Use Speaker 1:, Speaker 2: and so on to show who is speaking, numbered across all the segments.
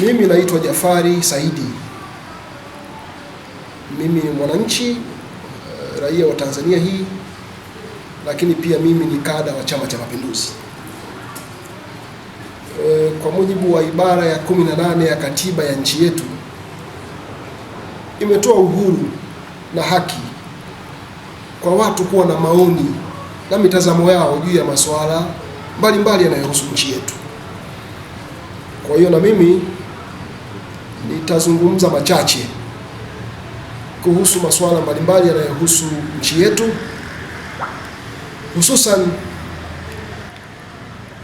Speaker 1: Mimi naitwa Jafari Saidi, mimi ni mwananchi eh, raia wa Tanzania hii, lakini pia mimi ni kada wa Chama cha Mapinduzi. E, kwa mujibu wa ibara ya 18 ya katiba ya nchi yetu imetoa uhuru na haki kwa watu kuwa na maoni na mitazamo yao juu ya masuala mbalimbali yanayohusu nchi yetu. Kwa hiyo na mimi nitazungumza machache kuhusu masuala mbalimbali yanayohusu nchi yetu, hususan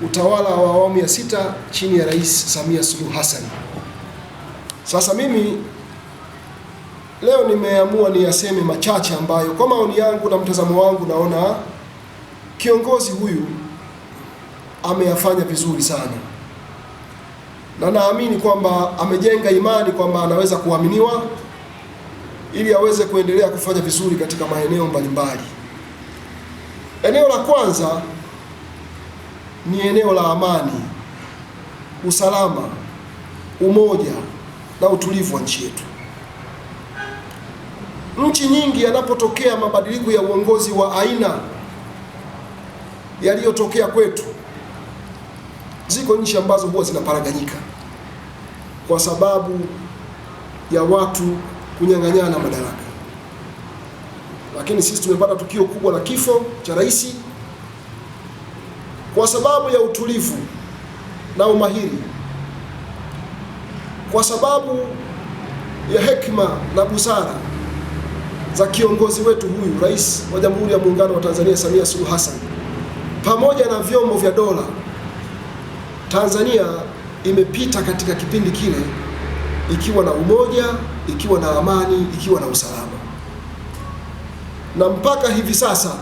Speaker 1: utawala wa awamu ya sita chini ya Rais Samia Suluhu Hassan. Sasa mimi leo nimeamua ni yaseme machache ambayo kwa maoni yangu na mtazamo wangu naona kiongozi huyu ameyafanya vizuri sana na naamini kwamba amejenga imani kwamba anaweza kuaminiwa ili aweze kuendelea kufanya vizuri katika maeneo mbalimbali. Eneo la kwanza ni eneo la amani, usalama, umoja na utulivu wa nchi yetu. Nchi nyingi yanapotokea mabadiliko ya uongozi wa aina yaliyotokea kwetu Ziko nchi ambazo huwa zinaparaganyika kwa sababu ya watu kunyang'anyana madaraka, lakini sisi tumepata tukio kubwa la kifo cha rais kwa sababu ya utulivu na umahiri, kwa sababu ya hekima na busara za kiongozi wetu huyu Rais wa Jamhuri ya Muungano wa Tanzania Samia Suluhu Hassan pamoja na vyombo vya dola Tanzania imepita katika kipindi kile ikiwa na umoja, ikiwa na amani, ikiwa na usalama, na mpaka hivi sasa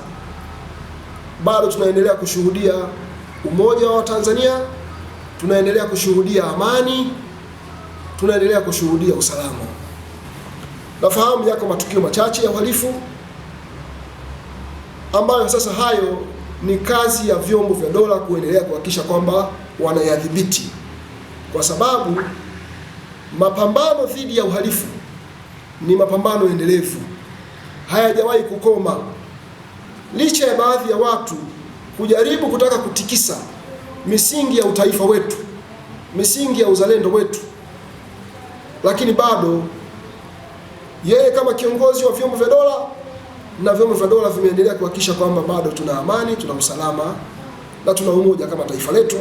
Speaker 1: bado tunaendelea kushuhudia umoja wa Tanzania, tunaendelea kushuhudia amani, tunaendelea kushuhudia usalama. Nafahamu yako matukio machache ya uhalifu ambayo sasa hayo ni kazi ya vyombo vya dola kuendelea kuhakikisha kwamba wanayadhibiti, kwa sababu mapambano dhidi ya uhalifu ni mapambano endelevu, hayajawahi kukoma, licha ya baadhi ya watu kujaribu kutaka kutikisa misingi ya utaifa wetu, misingi ya uzalendo wetu, lakini bado yeye kama kiongozi wa vyombo vya dola na vyombo vya dola vimeendelea kuhakikisha kwamba bado tuna amani, tuna usalama na tuna umoja kama taifa letu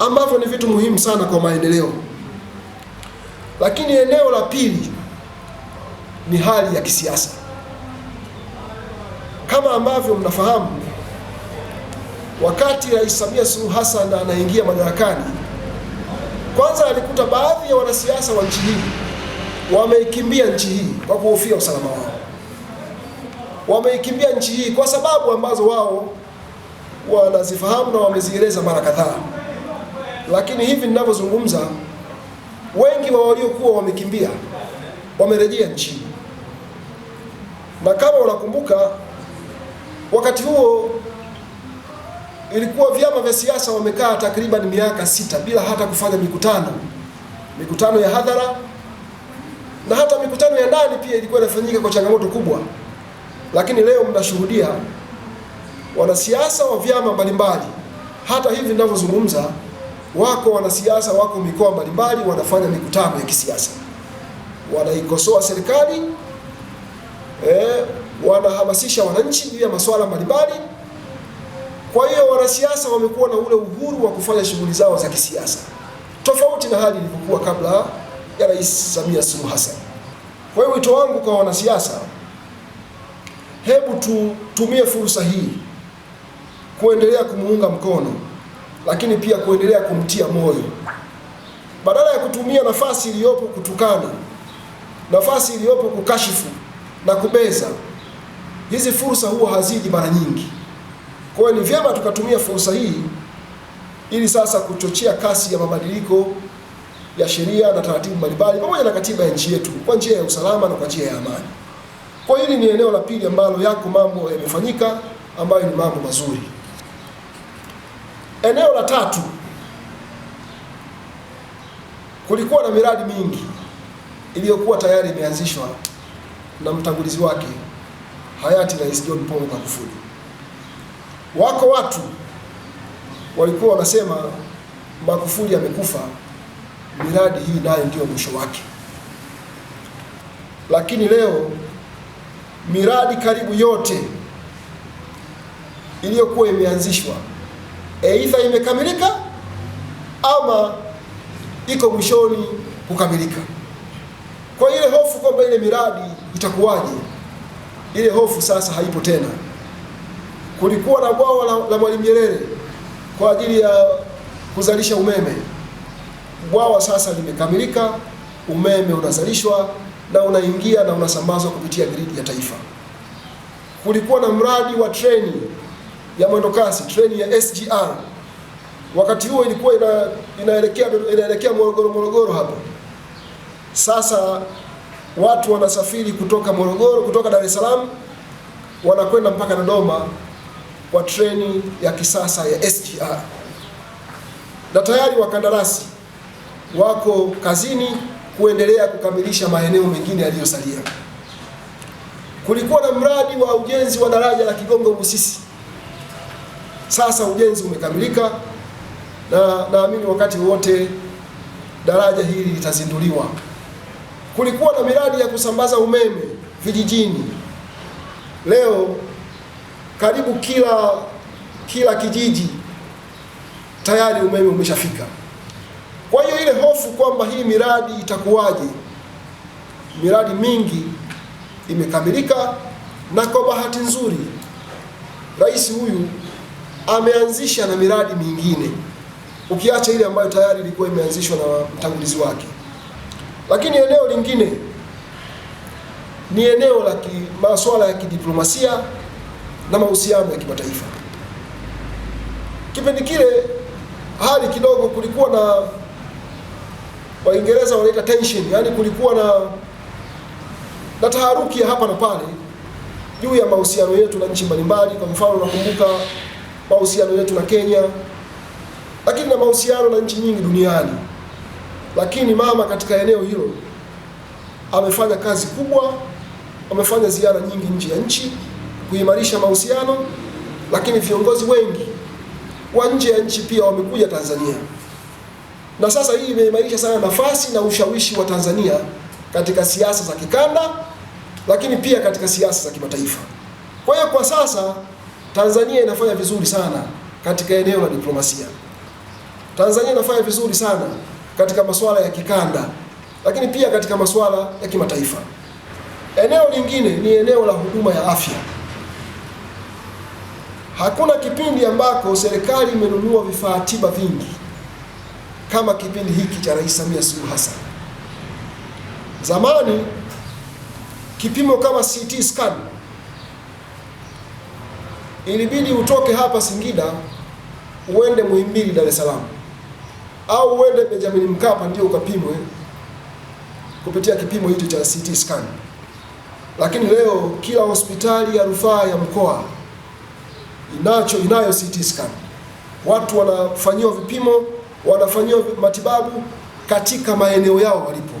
Speaker 1: ambavyo ni vitu muhimu sana kwa maendeleo. Lakini eneo la pili ni hali ya kisiasa. Kama ambavyo mnafahamu, wakati Rais Samia Suluhu Hassan anaingia madarakani, kwanza alikuta baadhi ya wanasiasa wa nchi hii wameikimbia nchi hii kwa kuhofia usalama wao. Wameikimbia nchi hii kwa sababu ambazo wao wanazifahamu na wamezieleza mara kadhaa. Lakini hivi ninavyozungumza, wengi wa waliokuwa wamekimbia wamerejea nchini, na kama unakumbuka, wakati huo ilikuwa vyama vya siasa wamekaa takriban miaka sita bila hata kufanya mikutano, mikutano ya hadhara na hata mikutano ya ndani pia ilikuwa inafanyika kwa changamoto kubwa. Lakini leo mnashuhudia wanasiasa wa vyama mbalimbali, hata hivi ninavyozungumza wako wanasiasa wako mikoa mbalimbali wanafanya mikutano ya kisiasa, wanaikosoa serikali eh, wanahamasisha wananchi juu ya masuala mbalimbali. Kwa hiyo wanasiasa wamekuwa na ule uhuru wa kufanya shughuli zao za kisiasa tofauti na hali ilivyokuwa kabla ya Rais Samia Suluhu Hassan. Kwa hiyo wito wangu kwa wanasiasa, hebu tutumie fursa hii kuendelea kumuunga mkono lakini pia kuendelea kumtia moyo badala ya kutumia nafasi iliyopo kutukana, nafasi iliyopo kukashifu na kubeza. Hizi fursa huwa haziji mara nyingi. Kwa hiyo ni vyema tukatumia fursa hii ili sasa kuchochea kasi ya mabadiliko ya sheria na taratibu mbalimbali pamoja na katiba ya nchi yetu kwa njia ya usalama na kwa njia ya amani. Kwa hili ni eneo la pili ambalo yako mambo yamefanyika ambayo ni mambo mazuri. Eneo la tatu, kulikuwa na miradi mingi iliyokuwa tayari imeanzishwa na mtangulizi wake hayati Rais John Pombe Magufuli. Wako watu walikuwa wanasema Magufuli amekufa, miradi hii nayo ndiyo mwisho wake. Lakini leo miradi karibu yote iliyokuwa imeanzishwa aidha eh, imekamilika ama iko mwishoni kukamilika. Kwa ile hofu kwamba ile miradi itakuwaje, ile hofu sasa haipo tena. Kulikuwa na bwawa la, la Mwalimu Nyerere kwa ajili ya kuzalisha umeme. Bwawa sasa limekamilika, umeme unazalishwa na unaingia na unasambazwa kupitia gridi ya taifa. Kulikuwa na mradi wa treni ya mwendokasi treni ya SGR. Wakati huo ilikuwa ina, inaelekea inaelekea Morogoro Morogoro hapo. Sasa watu wanasafiri kutoka Morogoro kutoka Dar es Salaam wanakwenda mpaka Dodoma kwa treni ya kisasa ya SGR, na tayari wakandarasi wako kazini kuendelea kukamilisha maeneo mengine yaliyosalia. Kulikuwa na mradi wa ujenzi wa daraja la Kigongo Busisi sasa ujenzi umekamilika na naamini wakati wote daraja hili litazinduliwa. Kulikuwa na miradi ya kusambaza umeme vijijini. Leo karibu kila kila kijiji tayari umeme umeshafika. Kwa hiyo ile hofu kwamba hii miradi itakuwaje, miradi mingi imekamilika, na kwa bahati nzuri rais huyu ameanzisha na miradi mingine ukiacha ile ambayo tayari ilikuwa imeanzishwa na mtangulizi wake. Lakini eneo lingine ni eneo la masuala ya kidiplomasia na mahusiano ya kimataifa. Kipindi kile hali kidogo kulikuwa na Waingereza wanaita tension, yani kulikuwa na na taharuki ya hapa na pale juu ya mahusiano yetu na nchi mbalimbali. Kwa mfano nakumbuka mahusiano yetu na Kenya, lakini na mahusiano na nchi nyingi duniani. Lakini mama katika eneo hilo amefanya kazi kubwa, amefanya ziara nyingi nje ya nchi kuimarisha mahusiano, lakini viongozi wengi wa nje ya nchi pia wamekuja Tanzania, na sasa hii imeimarisha sana nafasi na ushawishi wa Tanzania katika siasa za kikanda, lakini pia katika siasa za kimataifa. Kwa hiyo kwa sasa Tanzania inafanya vizuri sana katika eneo la diplomasia. Tanzania inafanya vizuri sana katika masuala ya kikanda, lakini pia katika masuala ya kimataifa. Eneo lingine ni eneo la huduma ya afya. Hakuna kipindi ambako serikali imenunua vifaa tiba vingi kama kipindi hiki cha Rais Samia Suluhu Hassan. Zamani kipimo kama CT scan ilibidi utoke hapa Singida uende Muhimbili Dar es Salaam au uende Benjamin Mkapa ndio ukapimwe kupitia kipimo hicho cha CT scan. Lakini leo kila hospitali ya rufaa ya mkoa inacho inayo CT scan. Watu wanafanyiwa vipimo, wanafanyiwa matibabu katika maeneo yao walipo.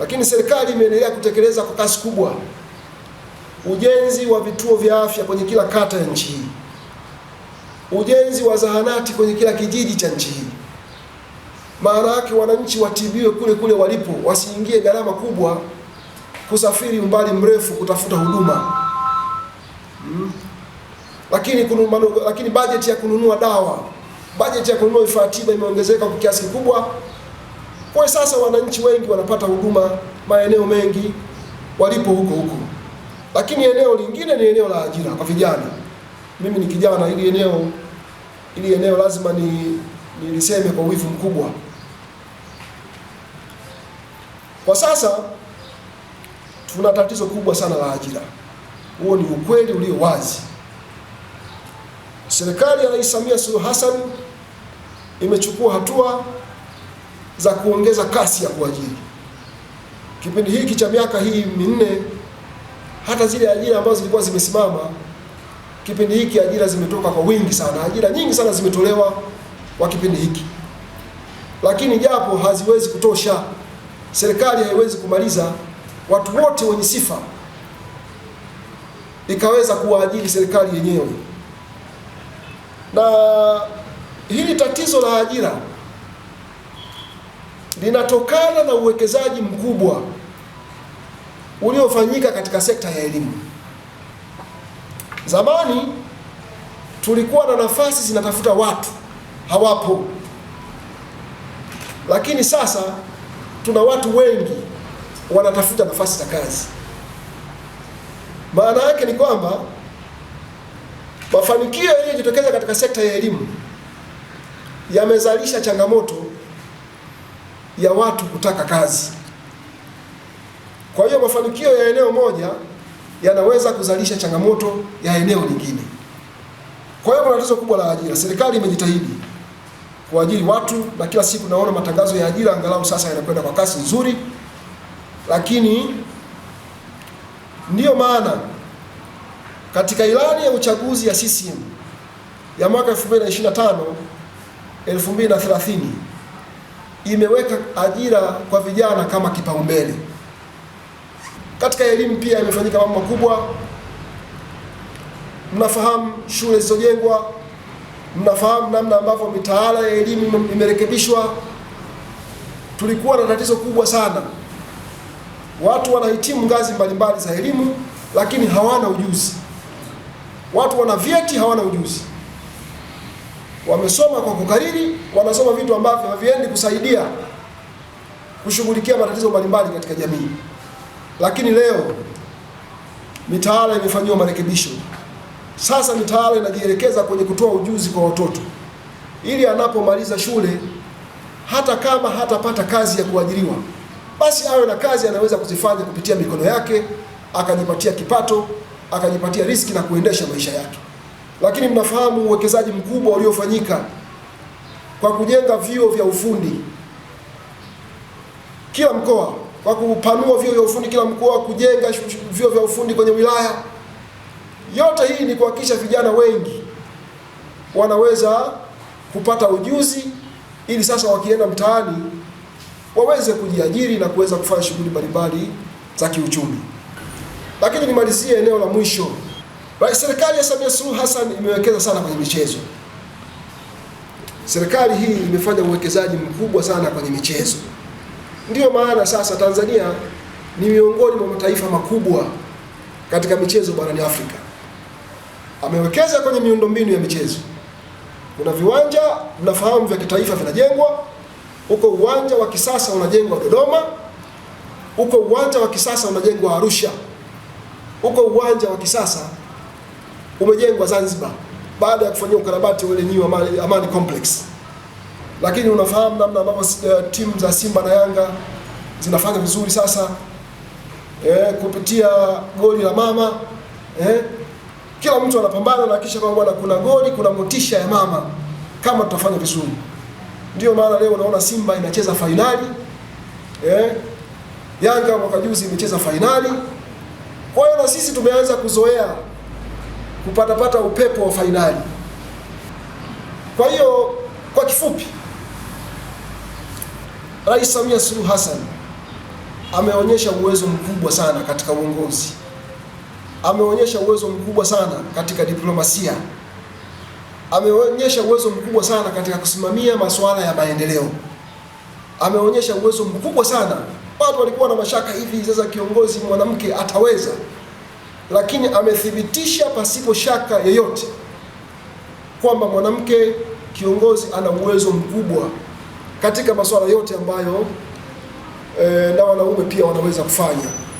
Speaker 1: Lakini serikali imeendelea kutekeleza kwa kasi kubwa ujenzi wa vituo vya afya kwenye kila kata ya nchi hii, ujenzi wa zahanati kwenye kila kijiji cha nchi hii. Maana yake wananchi watibiwe kule kule walipo, wasiingie gharama kubwa kusafiri umbali mrefu kutafuta huduma hmm. Lakini kunu, lakini bajeti ya kununua dawa, bajeti ya kununua vifaa tiba imeongezeka kwa kiasi kikubwa. Kwa sasa wananchi wengi wanapata huduma maeneo mengi walipo huko huko. Lakini eneo lingine ni eneo la ajira kwa vijana. Mimi ni kijana, ili eneo ili eneo lazima ni niliseme kwa wivu mkubwa. Kwa sasa tuna tatizo kubwa sana la ajira. Huo ni ukweli ulio wazi. Serikali ya Rais Samia Suluhu Hassan imechukua hatua za kuongeza kasi ya kuajiri. Kipindi hiki cha miaka hii minne hata zile ajira ambazo zilikuwa zimesimama kipindi hiki, ajira zimetoka kwa wingi sana, ajira nyingi sana zimetolewa kwa kipindi hiki, lakini japo haziwezi kutosha. Serikali haiwezi kumaliza watu wote wenye sifa ikaweza kuwaajiri serikali yenyewe, na hili tatizo la ajira linatokana na uwekezaji mkubwa uliofanyika katika sekta ya elimu. Zamani tulikuwa na nafasi zinatafuta watu, hawapo, lakini sasa tuna watu wengi wanatafuta nafasi za kazi. Maana yake ni kwamba mafanikio yaliyojitokeza katika sekta ya elimu yamezalisha changamoto ya watu kutaka kazi. Kwa hiyo mafanikio ya eneo moja yanaweza kuzalisha changamoto ya eneo lingine. Kwa hiyo kuna tatizo kubwa la ajira. Serikali imejitahidi kuajiri watu na kila siku naona matangazo ya ajira angalau sasa yanakwenda kwa kasi nzuri, lakini ndiyo maana katika ilani ya uchaguzi ya CCM ya mwaka 2025 2030 imeweka ajira kwa vijana kama kipaumbele. Katika elimu pia imefanyika mambo makubwa. Mnafahamu shule zilizojengwa, mnafahamu namna ambavyo mitaala ya elimu imerekebishwa. Tulikuwa na tatizo kubwa sana, watu wanahitimu ngazi mbalimbali za elimu, lakini hawana ujuzi. Watu wana vyeti, hawana ujuzi. Wamesoma kwa kukariri, wanasoma vitu ambavyo haviendi kusaidia kushughulikia matatizo mbalimbali katika jamii. Lakini leo mitaala imefanyiwa marekebisho. Sasa mitaala inajielekeza kwenye kutoa ujuzi kwa watoto ili anapomaliza shule hata kama hatapata kazi ya kuajiriwa, basi awe na kazi anaweza kuzifanya kupitia mikono yake, akajipatia kipato, akajipatia riski na kuendesha maisha yake. Lakini mnafahamu uwekezaji mkubwa uliofanyika kwa kujenga vyuo vya ufundi kila mkoa kwa kupanua vyuo vya ufundi kila mkoa, kujenga vyuo vya ufundi kwenye wilaya. Yote hii ni kuhakikisha vijana wengi wanaweza kupata ujuzi ili sasa wakienda mtaani waweze kujiajiri na kuweza kufanya shughuli mbalimbali za kiuchumi. Lakini nimalizie eneo la mwisho. Serikali ya Samia Suluhu Hassan imewekeza sana kwenye michezo. Serikali hii imefanya uwekezaji mkubwa sana kwenye michezo. Ndiyo maana sasa Tanzania ni miongoni mwa mataifa makubwa katika michezo barani Afrika. Amewekeza kwenye miundombinu ya michezo, kuna viwanja mnafahamu vya kitaifa vinajengwa huko. Uwanja wa kisasa unajengwa Dodoma, huko uwanja wa kisasa unajengwa Arusha, huko uwanja wa kisasa umejengwa Zanzibar baada ya kufanyia ukarabati ule New Amani Complex lakini unafahamu namna ambavyo uh, timu za Simba na Yanga zinafanya vizuri sasa eh, kupitia goli la mama eh, kila mtu anapambana na kisha kwamba bwana, kuna goli, kuna motisha ya mama, kama tutafanya vizuri. Ndio maana leo unaona Simba inacheza fainali eh, Yanga mwaka juzi imecheza fainali. Kwa hiyo na sisi tumeanza kuzoea kupatapata upepo wa fainali. Kwa hiyo kwa kifupi Rais Samia Suluhu Hassan ameonyesha uwezo mkubwa sana katika uongozi, ameonyesha uwezo mkubwa sana katika diplomasia, ameonyesha uwezo mkubwa sana katika kusimamia masuala ya maendeleo, ameonyesha uwezo mkubwa sana. Watu walikuwa na mashaka hivi sasa kiongozi mwanamke ataweza, lakini amethibitisha pasipo shaka yoyote kwamba mwanamke kiongozi ana uwezo mkubwa katika masuala yote ambayo e, eh, na wanaume pia wanaweza kufanya.